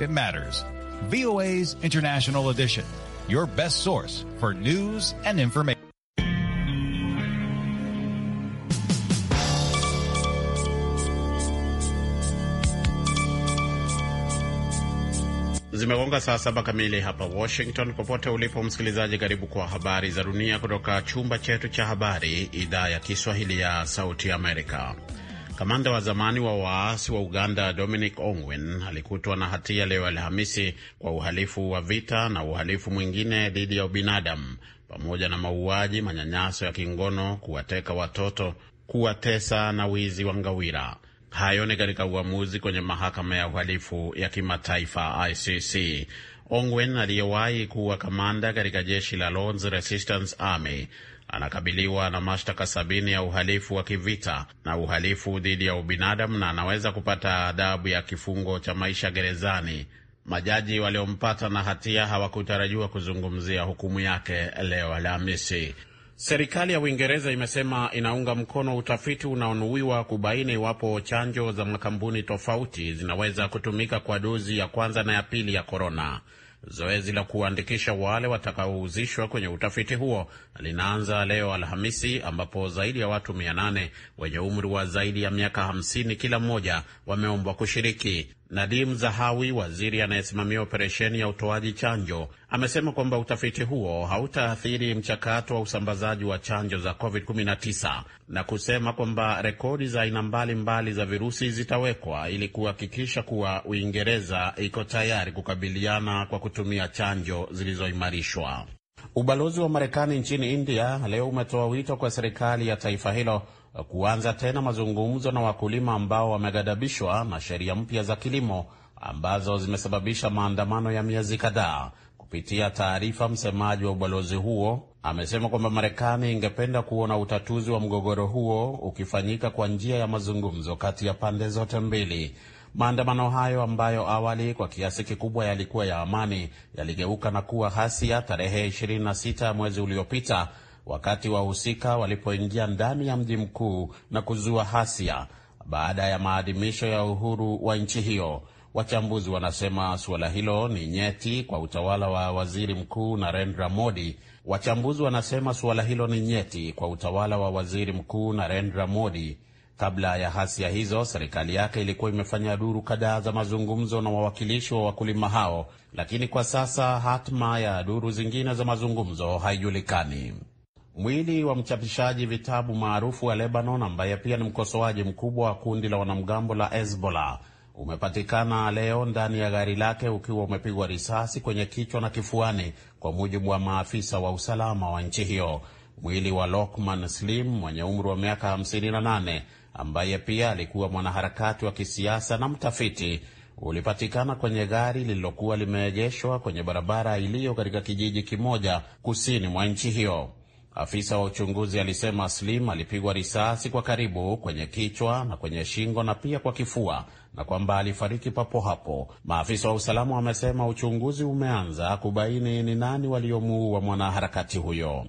it matters. VOA's International Edition, your best source for news and information. Zimegonga saa saba kamili hapa Washington. Popote ulipo msikilizaji, karibu kwa habari za dunia kutoka chumba chetu cha habari, idhaa ya Kiswahili ya Sauti Amerika. Kamanda wa zamani wa waasi wa Uganda Dominic Ongwen alikutwa na hatia leo Alhamisi kwa uhalifu wa vita na uhalifu mwingine dhidi ya ubinadamu pamoja na mauaji, manyanyaso ya kingono, kuwateka watoto, kuwatesa na wizi wa ngawira. Hayo ni katika uamuzi kwenye mahakama ya uhalifu ya kimataifa ICC. Ongwen aliyewahi kuwa kamanda katika jeshi la Lord's Resistance Army anakabiliwa na mashtaka sabini ya uhalifu wa kivita na uhalifu dhidi ya ubinadamu na anaweza kupata adhabu ya kifungo cha maisha gerezani. Majaji waliompata na hatia hawakutarajiwa kuzungumzia hukumu yake leo Alhamisi. Serikali ya Uingereza imesema inaunga mkono utafiti unaonuiwa kubaini iwapo chanjo za makampuni tofauti zinaweza kutumika kwa dozi ya kwanza na ya pili ya korona. Zoezi la kuwaandikisha wale watakaohusishwa kwenye utafiti huo linaanza leo Alhamisi, ambapo zaidi ya watu 800 wenye umri wa zaidi ya miaka 50 kila mmoja wameombwa kushiriki. Nadim Zahawi, waziri anayesimamia operesheni ya utoaji chanjo, amesema kwamba utafiti huo hautaathiri mchakato wa usambazaji wa chanjo za COVID-19 na kusema kwamba rekodi za aina mbalimbali za virusi zitawekwa ili kuhakikisha kuwa Uingereza iko tayari kukabiliana kwa kutumia chanjo zilizoimarishwa. Ubalozi wa Marekani nchini India leo umetoa wito kwa serikali ya taifa hilo kuanza tena mazungumzo na wakulima ambao wameghadhabishwa na sheria mpya za kilimo ambazo zimesababisha maandamano ya miezi kadhaa. Kupitia taarifa, msemaji wa ubalozi huo amesema kwamba Marekani ingependa kuona utatuzi wa mgogoro huo ukifanyika kwa njia ya mazungumzo kati ya pande zote mbili. Maandamano hayo ambayo awali kwa kiasi kikubwa yalikuwa ya amani yaligeuka na kuwa ghasia tarehe 26 mwezi uliopita, wakati wahusika walipoingia ndani ya mji mkuu na kuzua ghasia baada ya maadhimisho ya uhuru wa nchi hiyo. Wachambuzi wanasema suala hilo ni nyeti kwa utawala wa Waziri Mkuu Narendra Modi. Wachambuzi wanasema suala hilo ni nyeti kwa utawala wa Waziri Mkuu Narendra Modi Kabla ya hasia hizo, serikali yake ilikuwa imefanya duru kadhaa za mazungumzo na wawakilishi wa wakulima hao, lakini kwa sasa hatma ya duru zingine za mazungumzo haijulikani. Mwili wa mchapishaji vitabu maarufu wa Lebanon ambaye pia ni mkosoaji mkubwa wa kundi la wanamgambo la Hezbollah umepatikana leo ndani ya gari lake ukiwa umepigwa risasi kwenye kichwa na kifuani, kwa mujibu wa maafisa wa usalama wa nchi hiyo. Mwili wa Lokman Slim mwenye umri wa miaka 58 ambaye pia alikuwa mwanaharakati wa kisiasa na mtafiti ulipatikana kwenye gari lililokuwa limeegeshwa kwenye barabara iliyo katika kijiji kimoja kusini mwa nchi hiyo. Afisa wa uchunguzi alisema Slim alipigwa risasi kwa karibu kwenye kichwa na kwenye shingo na pia kwa kifua na kwamba alifariki papo hapo. Maafisa wa usalama wamesema uchunguzi umeanza kubaini ni nani waliomuua mwanaharakati huyo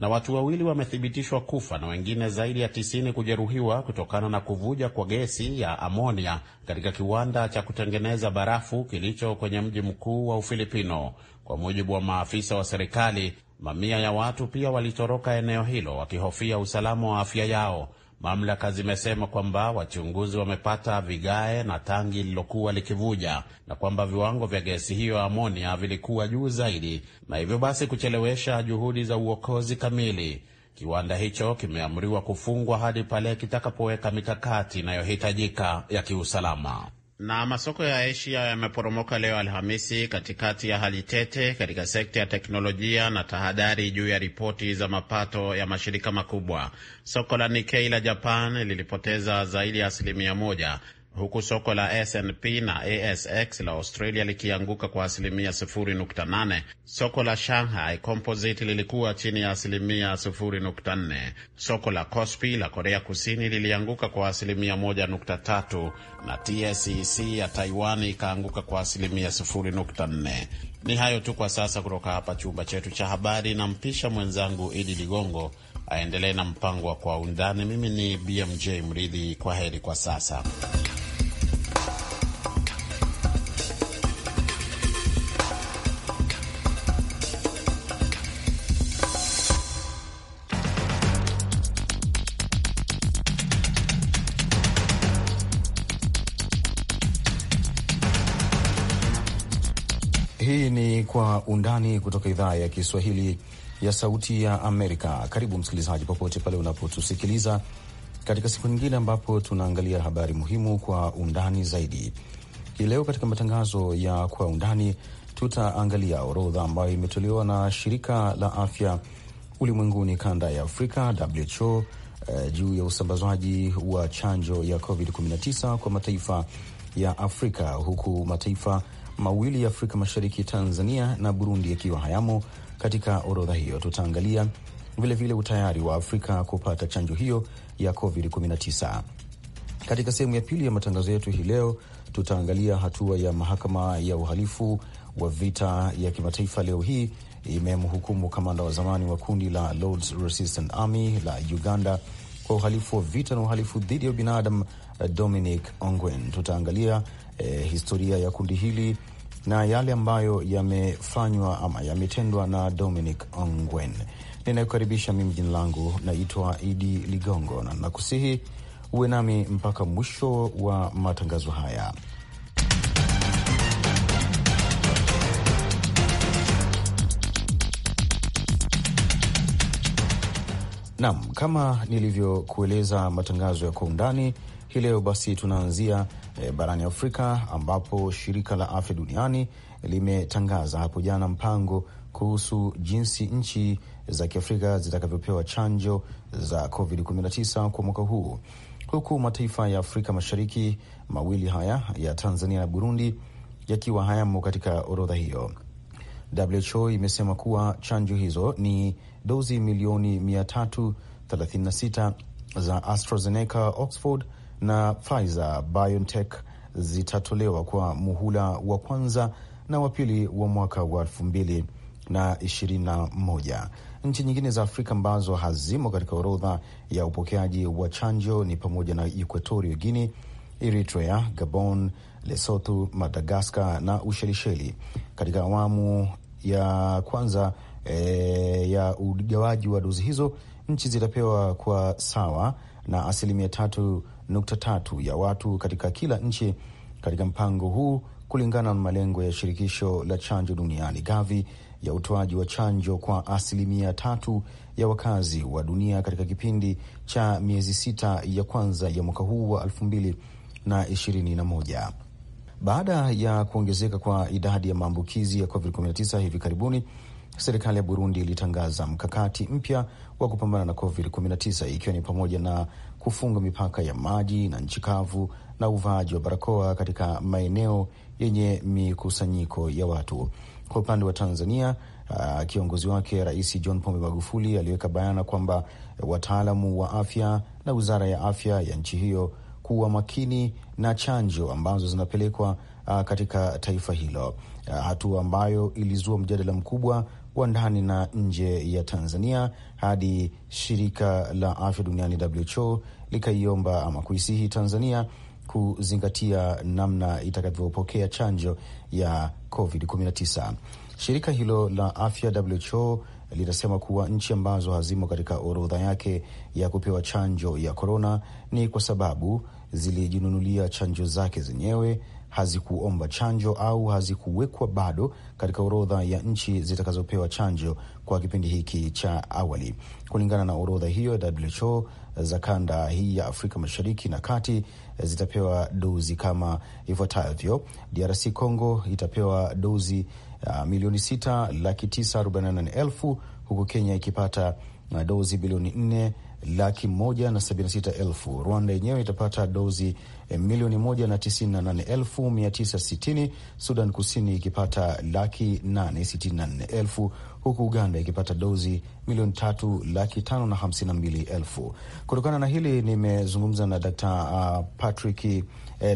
na watu wawili wamethibitishwa kufa na wengine zaidi ya tisini kujeruhiwa kutokana na kuvuja kwa gesi ya amonia katika kiwanda cha kutengeneza barafu kilicho kwenye mji mkuu wa Ufilipino. Kwa mujibu wa maafisa wa serikali, mamia ya watu pia walitoroka eneo hilo wakihofia usalama wa afya yao. Mamlaka zimesema kwamba wachunguzi wamepata vigae na tangi lililokuwa likivuja na kwamba viwango vya gesi hiyo ya amonia vilikuwa juu zaidi na hivyo basi kuchelewesha juhudi za uokozi kamili. Kiwanda hicho kimeamriwa kufungwa hadi pale kitakapoweka mikakati inayohitajika ya kiusalama. Na masoko ya Asia yameporomoka leo Alhamisi katikati ya hali tete katika sekta ya teknolojia na tahadhari juu ya ripoti za mapato ya mashirika makubwa. Soko la Nikkei la Japan lilipoteza zaidi ya asilimia moja huku soko la SNP na ASX la Australia likianguka kwa asilimia 0.8. Soko la Shanghai Composite lilikuwa chini ya asilimia 0.4. Soko la Kospi la Korea Kusini lilianguka kwa asilimia 1.3 na TSEC ya Taiwan ikaanguka kwa asilimia 0.4. Ni hayo tu kwa sasa kutoka hapa chumba chetu cha habari, na mpisha mwenzangu Idi Ligongo aendelee na mpango wa Kwa Undani. Mimi ni BMJ Mridhi, kwa heri kwa sasa. Undani kutoka idhaa ya Kiswahili ya Sauti ya Amerika. Karibu msikilizaji, popote pale unapotusikiliza katika siku nyingine ambapo tunaangalia habari muhimu kwa undani zaidi. Hii leo katika matangazo ya Kwa Undani tutaangalia orodha ambayo imetolewa na Shirika la Afya Ulimwenguni kanda ya Afrika WHO eh, juu ya usambazwaji wa chanjo ya COVID-19 kwa mataifa ya Afrika, huku mataifa mawili ya Afrika Mashariki, Tanzania na Burundi yakiwa hayamo katika orodha hiyo. Tutaangalia vilevile utayari wa Afrika kupata chanjo hiyo ya COVID-19. Katika sehemu ya pili ya matangazo yetu hii leo, tutaangalia hatua ya mahakama ya uhalifu wa vita ya kimataifa leo hii imemhukumu kamanda wa zamani wa kundi la Lords Resistance Army la Uganda kwa uhalifu wa vita na uhalifu dhidi ya binadamu Dominic Ongwen. Tutaangalia eh, historia ya kundi hili na yale ambayo yamefanywa ama yametendwa na Dominic Ongwen. Ninayekaribisha mimi jina langu naitwa Idi Ligongo na nakusihi uwe nami mpaka mwisho wa matangazo haya. Naam, kama nilivyokueleza matangazo ya kwa undani hii leo, basi tunaanzia e, barani Afrika ambapo shirika la afya duniani limetangaza hapo jana mpango kuhusu jinsi nchi za Kiafrika zitakavyopewa chanjo za COVID-19 kwa mwaka huu, huku mataifa ya Afrika Mashariki mawili haya ya Tanzania na Burundi yakiwa hayamo katika orodha hiyo. WHO imesema kuwa chanjo hizo ni dozi milioni 336 za AstraZeneca, Oxford na Pfizer BioNTech zitatolewa kwa muhula wa kwanza na wa pili wa mwaka wa elfu mbili na ishirini na moja. Nchi nyingine za Afrika ambazo hazimo katika orodha ya upokeaji wa chanjo ni pamoja na Equatorio Guini, Eritrea, Gabon, Lesotho, Madagaskar na Ushelisheli. Katika awamu ya kwanza e, ya ugawaji wa dozi hizo, nchi zitapewa kwa sawa na asilimia tatu nukta tatu ya watu katika kila nchi katika mpango huu, kulingana na malengo ya shirikisho la chanjo duniani GAVI ya utoaji wa chanjo kwa asilimia tatu ya wakazi wa dunia katika kipindi cha miezi sita ya kwanza ya mwaka huu wa elfu mbili na ishirini na moja. Baada ya kuongezeka kwa idadi ya maambukizi ya COVID-19 hivi karibuni serikali ya Burundi ilitangaza mkakati mpya wa kupambana na COVID-19 ikiwa ni pamoja na kufunga mipaka ya maji na nchi kavu na uvaaji wa barakoa katika maeneo yenye mikusanyiko ya watu. Kwa upande wa Tanzania, uh, kiongozi wake Rais John Pombe Magufuli aliweka bayana kwamba wataalamu wa afya na wizara ya afya ya nchi hiyo kuwa makini na chanjo ambazo zinapelekwa uh, katika taifa hilo, uh, hatua ambayo ilizua mjadala mkubwa wa ndani na nje ya Tanzania hadi shirika la afya duniani WHO likaiomba ama kuisihi Tanzania kuzingatia namna itakavyopokea chanjo ya COVID-19. Shirika hilo la afya WHO linasema kuwa nchi ambazo hazimo katika orodha yake ya kupewa chanjo ya korona ni kwa sababu zilijinunulia chanjo zake zenyewe hazikuomba chanjo au hazikuwekwa bado katika orodha ya nchi zitakazopewa chanjo kwa kipindi hiki cha awali. Kulingana na orodha hiyo WHO za kanda hii ya Afrika Mashariki na Kati zitapewa dozi kama ifuatavyo: DRC Congo itapewa dozi uh, milioni sita laki tisa arobaini na nane elfu huku Kenya ikipata uh, dozi bilioni nne laki moja na sabini na sita elfu. Rwanda yenyewe itapata dozi eh, milioni moja na tisini na nane elfu mia tisa sitini, Sudan Kusini ikipata laki nane sitini na nne elfu huku Uganda ikipata dozi milioni tatu laki tano na hamsini na mbili elfu. Kutokana na hili nimezungumza na Dkt. Uh, Patrick, eh,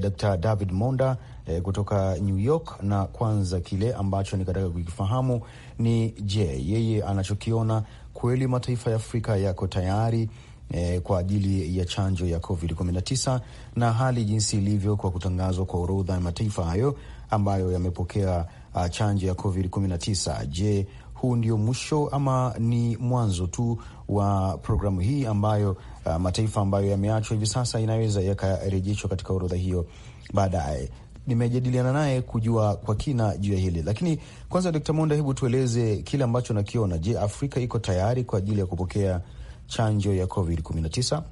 Dr. David Monda eh, kutoka New York, na kwanza kile ambacho nikataka kukifahamu ni je, yeye anachokiona kweli mataifa ya Afrika yako tayari eh, kwa ajili ya chanjo ya COVID-19 na hali jinsi ilivyo kwa kutangazwa kwa orodha ya mataifa hayo ambayo yamepokea uh, chanjo ya COVID-19. Je, huu ndio mwisho ama ni mwanzo tu wa programu hii ambayo uh, mataifa ambayo yameachwa hivi sasa inaweza yakarejeshwa katika orodha hiyo baadaye nimejadiliana naye kujua kwa kina juu ya hili. Lakini kwanza, Dkt. Monda, hebu tueleze kile ambacho nakiona Je, Afrika iko tayari kwa ajili ya kupokea chanjo ya Covid 19?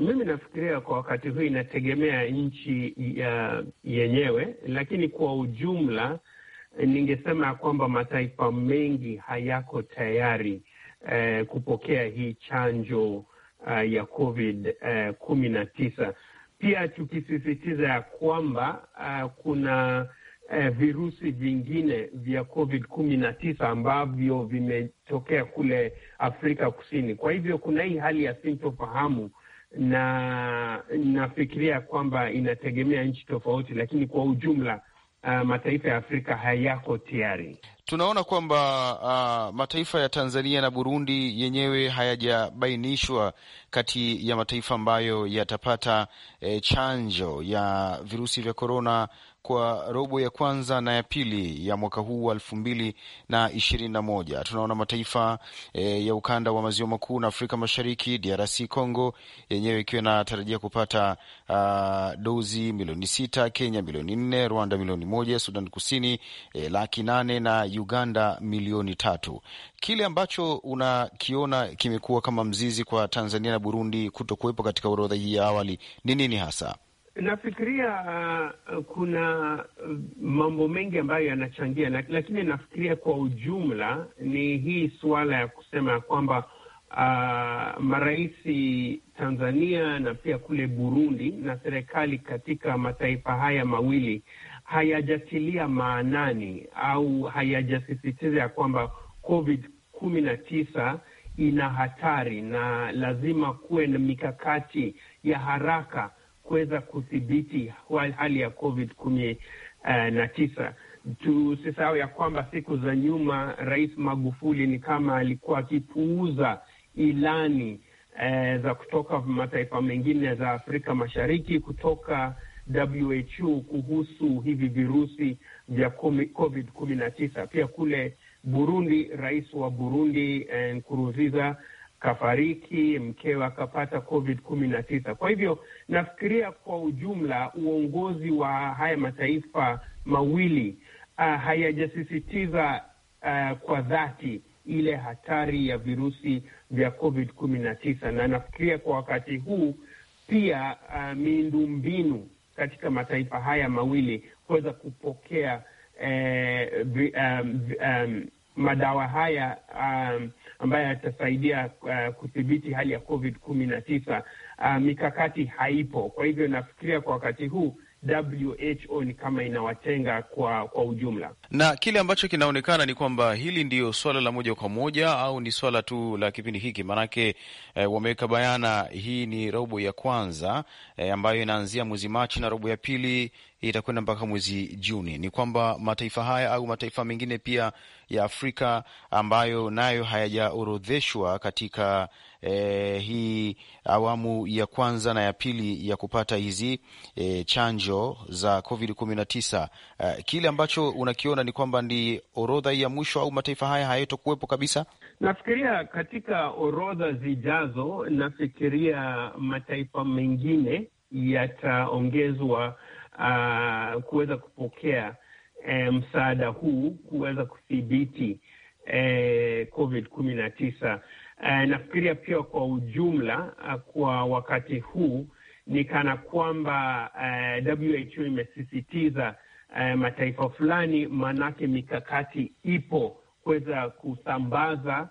Mimi nafikiria kwa wakati huu inategemea nchi ya yenyewe, lakini kwa ujumla ningesema ya kwamba mataifa mengi hayako tayari eh, kupokea hii chanjo uh, ya Covid eh, kumi na tisa pia tukisisitiza ya kwamba uh, kuna uh, virusi vingine vya COVID kumi na tisa ambavyo vimetokea kule Afrika Kusini. Kwa hivyo kuna hii hali ya sintofahamu, na nafikiria kwamba inategemea nchi tofauti, lakini kwa ujumla uh, mataifa ya Afrika hayako tayari. Tunaona kwamba uh, mataifa ya Tanzania na Burundi yenyewe hayajabainishwa kati ya mataifa ambayo yatapata eh, chanjo ya virusi vya korona kwa robo ya kwanza na ya pili ya mwaka huu wa elfu mbili na ishirini na moja tunaona mataifa e, ya ukanda wa maziwa makuu na Afrika Mashariki, DRC Congo yenyewe ikiwa inatarajia kupata uh, dozi milioni sita, Kenya milioni nne, Rwanda milioni moja, Sudan Kusini e, laki nane na Uganda milioni tatu. Kile ambacho unakiona kimekuwa kama mzizi kwa Tanzania na Burundi kuto kuwepo katika orodha hii ya awali ni nini hasa? Nafikiria uh, kuna uh, mambo mengi ambayo yanachangia, lakini nafikiria kwa ujumla ni hii suala ya kusema ya kwamba uh, maraisi Tanzania na pia kule Burundi na serikali katika mataifa haya mawili hayajatilia maanani au hayajasisitiza ya kwamba COVID kumi na tisa ina hatari na lazima kuwe na mikakati ya haraka kuweza kudhibiti hali ya COVID kumi na tisa. Tusisahau ya kwamba siku za nyuma Rais Magufuli ni kama alikuwa akipuuza ilani eh, za kutoka mataifa mengine za Afrika Mashariki kutoka WHO kuhusu hivi virusi vya COVID kumi na tisa. Pia kule Burundi, rais wa Burundi eh, Nkurunziza eh, kafariki, mkewe akapata covid kumi na tisa. Kwa hivyo nafikiria kwa ujumla uongozi wa haya mataifa mawili uh, hayajasisitiza uh, kwa dhati ile hatari ya virusi vya covid kumi na tisa, na nafikiria kwa wakati huu pia uh, ah, miundu mbinu katika mataifa haya mawili kuweza kupokea eh, um, um, madawa haya um, ambayo yatasaidia uh, eh, kudhibiti hali ya COVID kumi na tisa. Uh, mikakati haipo, kwa hivyo nafikiria kwa wakati huu WHO ni kama inawatenga kwa kwa ujumla, na kile ambacho kinaonekana ni kwamba hili ndiyo swala la moja kwa moja au ni swala tu la kipindi hiki. Maanake eh, wameweka bayana hii ni robo ya kwanza eh, ambayo inaanzia mwezi Machi na robo ya pili itakwenda mpaka mwezi Juni. Ni kwamba mataifa haya au mataifa mengine pia ya Afrika ambayo nayo hayajaorodheshwa katika eh, hii awamu ya kwanza na ya pili ya kupata hizi eh, chanjo za Covid 19 eh, kile ambacho unakiona ni kwamba ndi orodha ya mwisho au mataifa haya hayatokuwepo kabisa. Nafikiria katika orodha zijazo, nafikiria mataifa mengine yataongezwa uh, kuweza kupokea eh, msaada huu kuweza kudhibiti eh, COVID kumi na tisa. Eh, nafikiria pia kwa ujumla ah, kwa wakati huu ni kana kwamba eh, WHO imesisitiza eh, mataifa fulani, manake mikakati ipo kuweza kusambaza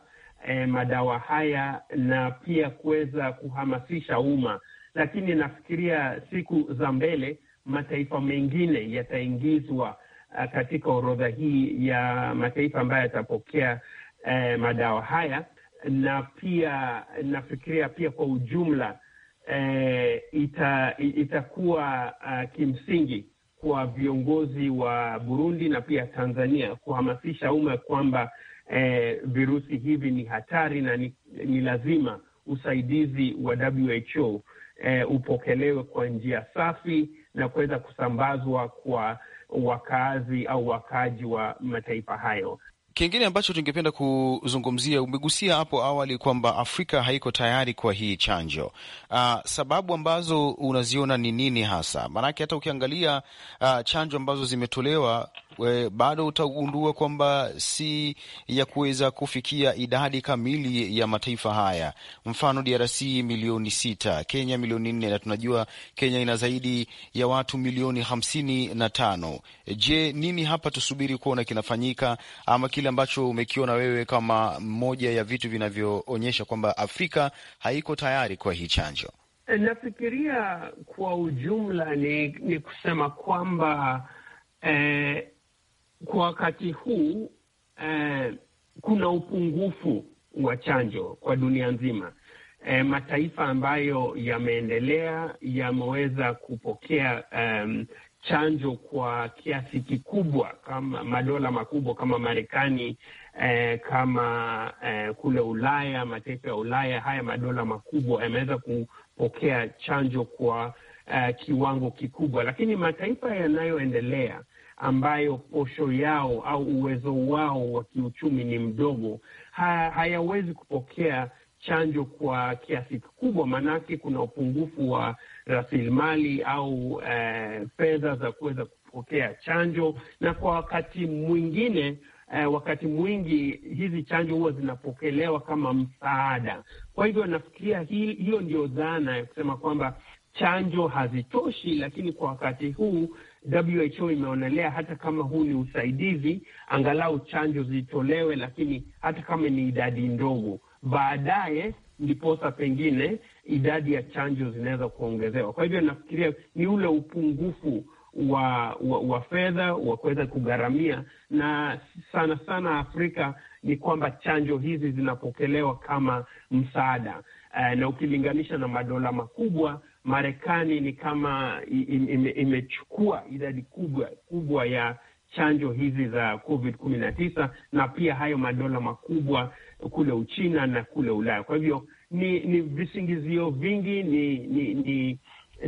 eh, madawa haya na pia kuweza kuhamasisha umma, lakini nafikiria siku za mbele mataifa mengine yataingizwa eh, katika orodha hii ya mataifa ambayo yatapokea eh, madawa haya, na pia nafikiria pia kwa ujumla eh, ita, itakuwa uh, kimsingi kwa viongozi wa Burundi na pia Tanzania kuhamasisha umma kwamba eh, virusi hivi ni hatari na ni, ni lazima usaidizi wa WHO eh, upokelewe kwa njia safi na kuweza kusambazwa kwa wakazi au wakaaji wa mataifa hayo. Kingine ambacho tungependa kuzungumzia, umegusia hapo awali kwamba Afrika haiko tayari kwa hii chanjo. Uh, sababu ambazo unaziona ni nini hasa? Maanake hata ukiangalia uh, chanjo ambazo zimetolewa we, bado utagundua kwamba si ya kuweza kufikia idadi kamili ya mataifa haya. Mfano DRC milioni sita, Kenya milioni nne, na tunajua Kenya ina zaidi ya watu milioni hamsini na tano. Je, nini hapa tusubiri kuona kinafanyika ama kile ambacho umekiona wewe kama moja ya vitu vinavyoonyesha kwamba Afrika haiko tayari kwa hii chanjo? Nafikiria kwa ujumla ni, ni kusema kwamba eh, kwa wakati huu eh, kuna upungufu wa chanjo kwa dunia nzima. E, mataifa ambayo yameendelea yameweza kupokea um, chanjo kwa kiasi kikubwa, kama madola makubwa kama Marekani eh, kama eh, kule Ulaya, mataifa ya Ulaya, haya madola makubwa yameweza kupokea chanjo kwa uh, kiwango kikubwa, lakini mataifa yanayoendelea ambayo posho yao au uwezo wao wa kiuchumi ni mdogo, ha, hayawezi kupokea chanjo kwa kiasi kikubwa, maanake kuna upungufu wa rasilimali au eh, fedha za kuweza kupokea chanjo, na kwa wakati mwingine eh, wakati mwingi hizi chanjo huwa zinapokelewa kama msaada. Kwa hivyo nafikiria hiyo ndio dhana ya kusema kwamba chanjo hazitoshi, lakini kwa wakati huu WHO imeonelea hata kama huu ni usaidizi, angalau chanjo zitolewe, lakini hata kama ni idadi ndogo, baadaye ndiposa pengine idadi ya chanjo zinaweza kuongezewa. Kwa hivyo nafikiria ni ule upungufu wa wa fedha wa kuweza kugharamia, na sana sana Afrika ni kwamba chanjo hizi zinapokelewa kama msaada uh, na ukilinganisha na madola makubwa Marekani ni kama imechukua idadi kubwa kubwa ya chanjo hizi za COVID kumi na tisa na pia hayo madola makubwa kule Uchina na kule Ulaya. Kwa hivyo ni ni visingizio vingi, ni ni, ni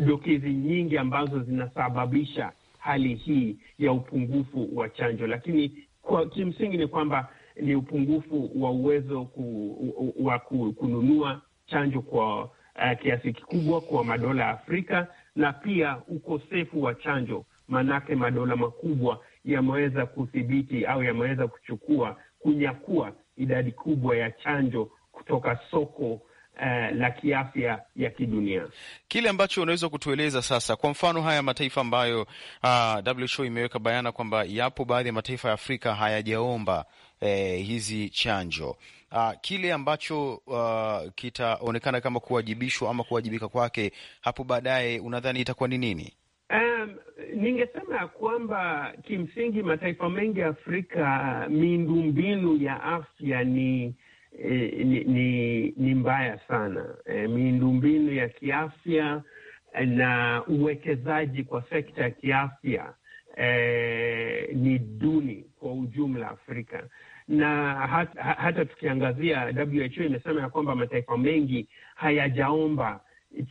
dokezi nyingi ambazo zinasababisha hali hii ya upungufu wa chanjo, lakini kwa kimsingi ni kwamba ni upungufu wa uwezo ku, wa ku, kununua chanjo kwa uh, kiasi kikubwa kwa madola ya Afrika na pia ukosefu wa chanjo, maanake madola makubwa yameweza kudhibiti au yameweza kuchukua kunyakua idadi kubwa ya chanjo kutoka soko Uh, la kiafya ya kidunia. Kile ambacho unaweza kutueleza sasa, kwa mfano haya mataifa ambayo uh, ah, WHO imeweka bayana kwamba yapo baadhi ya mataifa ya Afrika hayajaomba eh, hizi chanjo uh, kile ambacho uh, kitaonekana kama kuwajibishwa ama kuwajibika kwake hapo baadaye, unadhani itakuwa ni nini? Um, ningesema ya kwamba kimsingi mataifa mengi ya Afrika miundombinu ya afya ni eh, ni, ni, ni mbaya sana miundu eh, miundombinu ya kiafya na uwekezaji kwa sekta ya kiafya e, ni duni kwa ujumla Afrika na hata, hata tukiangazia WHO imesema ya kwamba mataifa mengi hayajaomba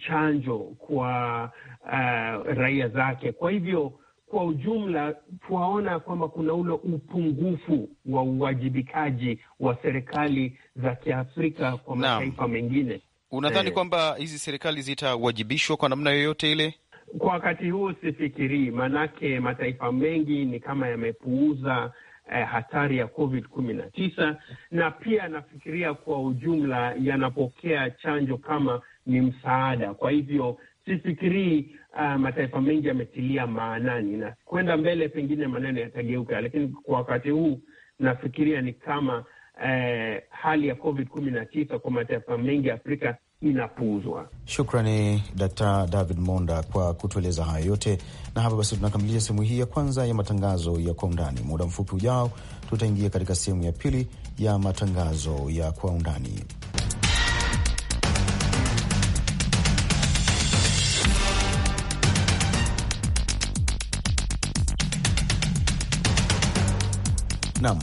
chanjo kwa uh, raia zake. Kwa hivyo kwa ujumla tuwaona kwamba kuna ule upungufu wa uwajibikaji wa serikali za Kiafrika kwa mataifa mengine. Unadhani eh, kwamba hizi serikali zitawajibishwa kwa namna yoyote ile? Kwa wakati huu sifikirii, maanake mataifa mengi ni kama yamepuuza eh, hatari ya Covid kumi na tisa, na pia nafikiria kwa ujumla yanapokea chanjo kama ni msaada. Kwa hivyo sifikirii uh, mataifa mengi yametilia maanani, na kwenda mbele pengine maneno yatageuka, lakini kwa wakati huu nafikiria ni kama eh, hali ya Covid kumi na tisa kwa mataifa mengi ya Afrika inapuuzwa. Shukrani Dkt. David Monda kwa kutueleza haya yote, na hapa basi tunakamilisha sehemu hii ya kwanza ya matangazo ya kwa undani. Muda mfupi ujao, tutaingia katika sehemu ya pili ya matangazo ya kwa undani. Nam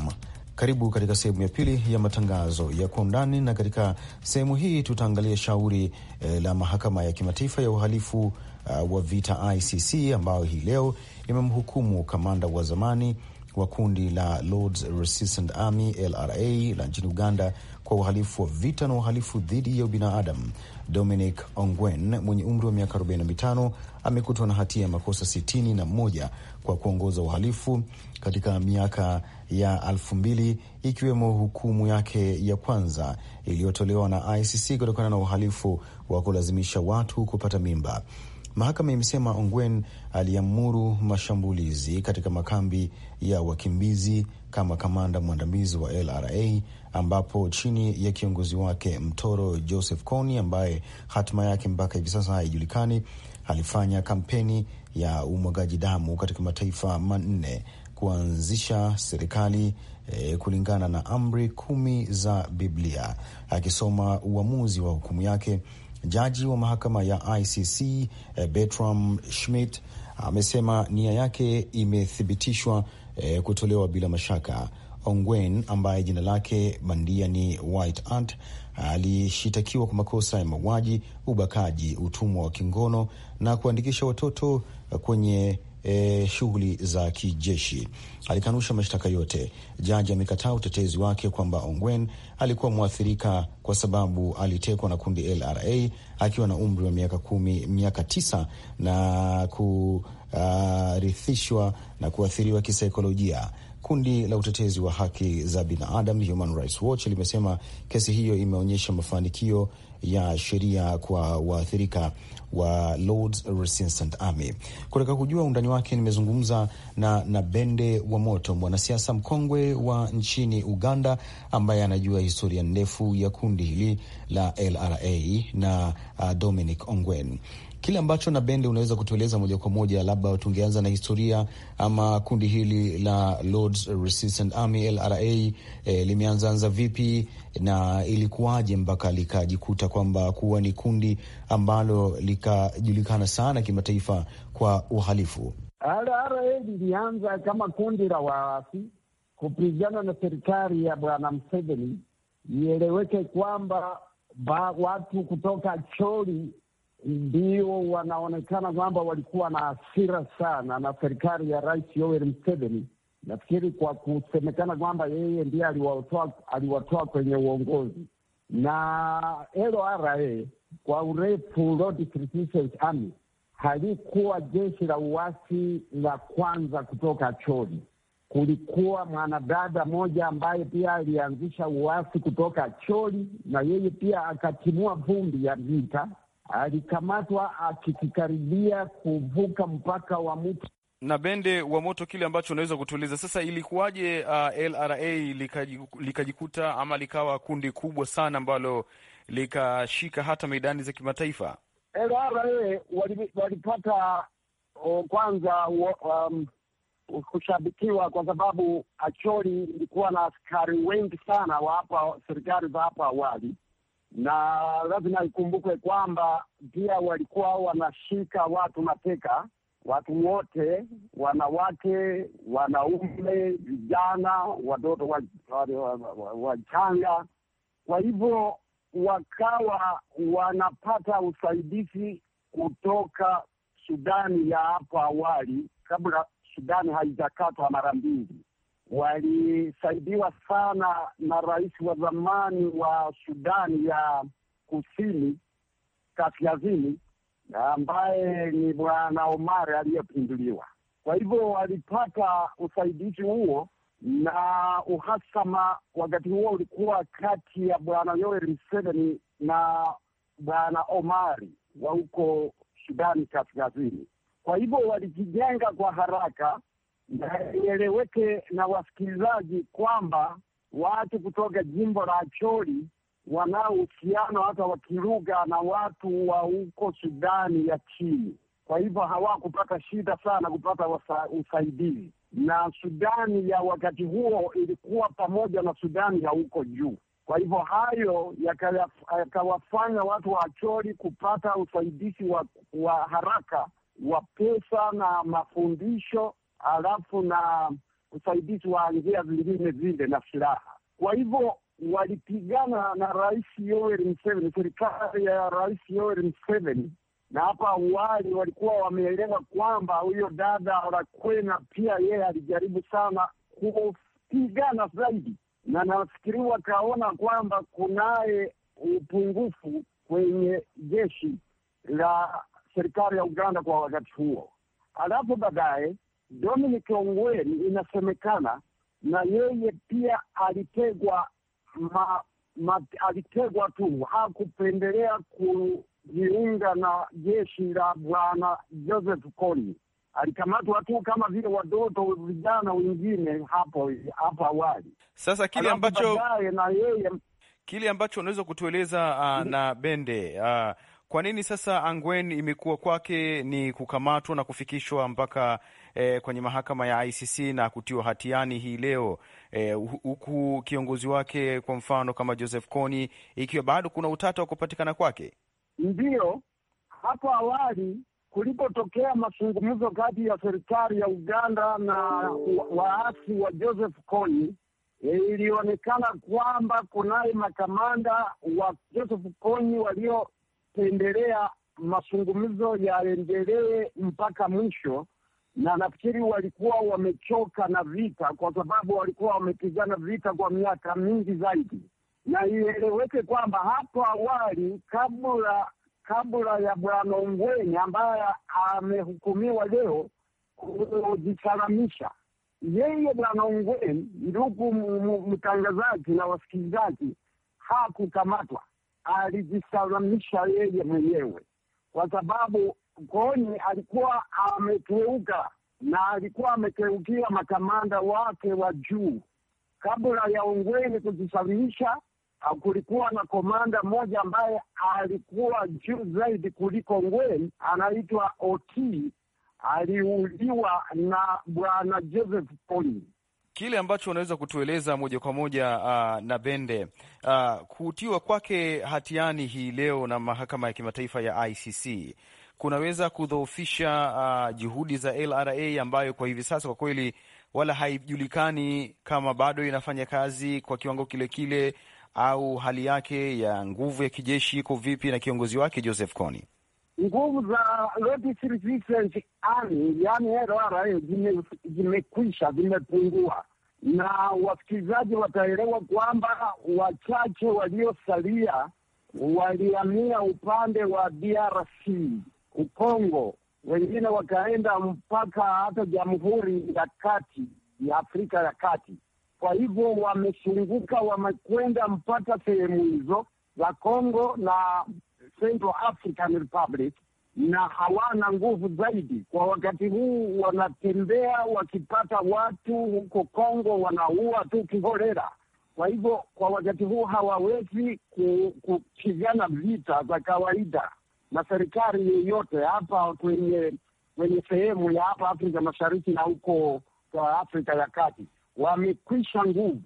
karibu katika sehemu ya pili ya matangazo ya kwa undani, na katika sehemu hii tutaangalia shauri eh, la mahakama ya kimataifa ya uhalifu uh, wa vita ICC ambayo hii leo imemhukumu kamanda wa zamani wa kundi la Lords Resistance Army LRA la nchini Uganda kwa uhalifu wa vita na uhalifu dhidi ya ubinadamu, Dominic Ongwen mwenye umri wa miaka 45 amekutwa na hatia ya makosa 61 na moja kwa kuongoza uhalifu katika miaka ya alfu mbili ikiwemo hukumu yake ya kwanza iliyotolewa na ICC kutokana na uhalifu wa kulazimisha watu kupata mimba. Mahakama imesema Ongwen aliamuru mashambulizi katika makambi ya wakimbizi kama kamanda mwandamizi wa LRA ambapo chini ya kiongozi wake Mtoro Joseph Kony ambaye hatima yake mpaka hivi sasa haijulikani, alifanya kampeni ya umwagaji damu katika mataifa manne kuanzisha serikali eh, kulingana na amri kumi za Biblia, akisoma uamuzi wa hukumu yake Jaji wa mahakama ya ICC eh, Bertram Schmidt amesema nia yake imethibitishwa eh, kutolewa bila mashaka. Ongwen ambaye jina lake bandia ni White Ant alishitakiwa kwa makosa ya mauaji, ubakaji, utumwa wa kingono na kuandikisha watoto kwenye e, shughuli za kijeshi. Alikanusha mashtaka yote. Jaji amekataa utetezi wake kwamba Ongwen alikuwa mwathirika kwa sababu alitekwa na kundi LRA akiwa na umri wa miaka kumi, miaka tisa na kurithishwa uh, na kuathiriwa kisaikolojia. Kundi la utetezi wa haki za binadamu Human Rights Watch limesema kesi hiyo imeonyesha mafanikio ya sheria kwa waathirika wa Lord's Resistance Army. Kutaka kujua undani wake, nimezungumza na Nabende wa Moto, mwanasiasa mkongwe wa nchini Uganda, ambaye anajua historia ndefu ya kundi hili la LRA na uh, Dominic Ongwen kile ambacho na Bende unaweza kutueleza moja kwa moja, labda tungeanza na historia ama kundi hili la Lords Resistance Army LRA e, eh, limeanzaanza vipi na ilikuwaje mpaka likajikuta kwamba kuwa ni kundi ambalo likajulikana sana kimataifa kwa uhalifu? LRA lilianza kama kundi la waasi kupigana na serikali ya Bwana Museveni. Ieleweke kwamba ba, watu kutoka Choli ndio wanaonekana kwamba walikuwa na hasira sana na serikali ya Rais Yoweri Museveni, nafikiri kwa kusemekana kwamba yeye ndiye aliwatoa aliwatoa kwenye uongozi na LRA kwa urefu Lord's Resistance Army halikuwa jeshi la uasi la kwanza kutoka Choli. Kulikuwa mwanadada moja ambaye pia alianzisha uasi kutoka Choli, na yeye pia akatimua vumbi ya vita alikamatwa akikikaribia kuvuka mpaka wa mtu na Bende wa Moto, kile ambacho unaweza kutueleza sasa, ilikuwaje uh, LRA likajikuta ama likawa kundi kubwa sana ambalo likashika hata meidani za kimataifa? LRA walipata o, kwanza um, kushabikiwa kwa sababu Acholi ilikuwa na askari wengi sana wa hapa serikali za hapa awali na lazima ikumbukwe kwamba pia walikuwa wanashika watu mateka, watu wote, wanawake, wanaume, vijana, watoto wachanga. Kwa hivyo wakawa wanapata usaidizi kutoka Sudani ya hapo awali kabla Sudani haijakatwa mara mbili walisaidiwa sana na rais wa zamani wa Sudani ya kusini kaskazini, ambaye ni bwana Omar aliyepinduliwa. Kwa hivyo walipata usaidizi huo, na uhasama wakati huo ulikuwa kati ya bwana Yoweri Museveni na bwana Omari wa huko Sudani kaskazini. Kwa hivyo walijijenga kwa haraka na ieleweke na wasikilizaji kwamba watu kutoka jimbo la Acholi wanao uhusiano hata wa kilugha na watu wa huko Sudani ya chini. Kwa hivyo hawakupata shida sana kupata wasa, usaidizi. Na Sudani ya wakati huo ilikuwa pamoja na Sudani ya huko juu. Kwa hivyo hayo yakawafanya yaka watu wa Acholi kupata usaidizi wa, wa haraka wa pesa na mafundisho alafu na usaidizi wa njia zingine zile na silaha. Kwa hivyo walipigana na Rais Yoweri Museveni, serikali ya Rais Yoweri Museveni, na hapa awali walikuwa wameelewa kwamba huyo dada Rakwena pia yeye alijaribu sana kupigana zaidi, na nafikiri wakaona kwamba kunaye upungufu kwenye jeshi la serikali ya Uganda kwa wakati huo. Alafu baadaye Dominic Ongwen inasemekana na yeye pia alitegwa ma, ma, alitegwa tu, hakupendelea kujiunga na jeshi la bwana Joseph Kony. Alikamatwa tu kama vile watoto vijana wengine hapo hapo awali. Sasa kile ambacho na yeye kile ambacho unaweza kutueleza uh, mm-hmm. na Bende uh, kwa nini sasa Angwen imekuwa kwake ni kukamatwa na kufikishwa mpaka e, kwenye mahakama ya ICC na kutiwa hatiani hii leo e, huku e, kiongozi wake kwa mfano kama Joseph Kony ikiwa bado kuna utata wa kupatikana kwake. Ndiyo, hapo awali kulipotokea mazungumzo kati ya serikali ya Uganda na waasi wa Joseph Kony e, ilionekana kwamba kunaye makamanda wa Joseph Kony waliopendelea mazungumzo yaendelee mpaka mwisho, na nafikiri walikuwa wamechoka na vita, kwa sababu walikuwa wamepigana vita kwa miaka mingi zaidi. Na ieleweke kwamba hapo awali kabla kabla ya Bwana Ongwen ambaye amehukumiwa leo kujisalamisha, yeye Bwana Ongwen, ndugu mtangazaji na wasikilizaji, hakukamatwa, alijisalamisha yeye mwenyewe kwa sababu Kony alikuwa amekeuka na alikuwa ameteukia makamanda wake wa juu. Kabla ya Ongweni kujisawihisha, ah, kulikuwa na komanda mmoja ambaye alikuwa juu zaidi kuliko Ngweni, anaitwa Oti, aliuliwa na bwana Joseph Kony. Kile ambacho unaweza kutueleza moja kwa moja uh, na Bende uh, kutiwa kwake hatiani hii leo na mahakama ya kimataifa ya ICC kunaweza kudhoofisha uh, juhudi za LRA ambayo kwa hivi sasa kwa kweli wala haijulikani kama bado inafanya kazi kwa kiwango kile kile au hali yake ya nguvu ya kijeshi iko vipi, na kiongozi wake Joseph Kony. Nguvu za Rapid Resistance Army LRA zimekwisha, zimepungua, na wasikilizaji wataelewa kwamba wachache waliosalia waliamia upande wa DRC Ukongo, wengine wakaenda mpaka hata Jamhuri ya Kati ya Afrika ya Kati. Kwa hivyo wamesunguka, wamekwenda mpaka sehemu hizo za Congo na Central African Republic, na hawana nguvu zaidi kwa wakati huu. Wanatembea wakipata watu huko Congo, wanaua tu kiholela. Kwa hivyo kwa wakati huu hawawezi kupigana vita za kawaida na serikali yoyote hapa kwenye kwenye sehemu ya hapa Afrika Mashariki na huko kwa Afrika ya Kati wamekwisha nguvu,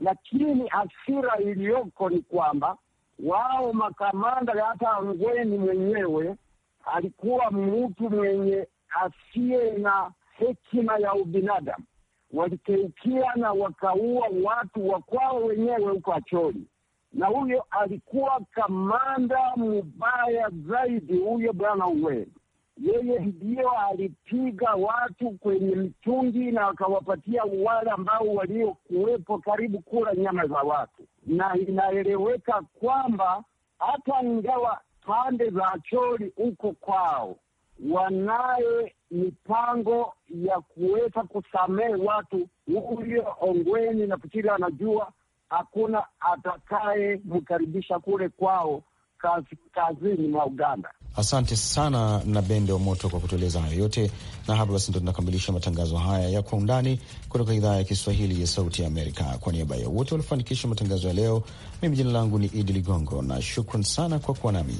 lakini asira iliyoko ni kwamba wao makamanda, hata Ngweni mwenyewe alikuwa mtu mwenye asiye na hekima ya ubinadamu, walikeukia na wakaua watu wa kwao wenyewe huko Acholi na huyo alikuwa kamanda mubaya zaidi, huyo bwana Uwe. Yeye ndiyo alipiga watu kwenye mtungi na akawapatia wale ambao waliokuwepo karibu kula nyama za watu, na inaeleweka kwamba hata ingawa pande za Choli huko kwao wanaye mipango ya kuweza kusamehe watu, huyo Ongweni na Pichili anajua hakuna mkaribisha kule kwao kazini mwa Uganda. Asante sana na Bende wa Moto kwa kutueleza hayo yote, na hapa basi ndo tunakamilisha matangazo haya ya Kwa Undani kutoka idhaa ya Kiswahili ya Sauti ya Amerika. Kwa niaba ya wote waliofanikisha matangazo ya leo, mimi jina langu ni Idi Ligongo na shukran sana kwa kuwa nami.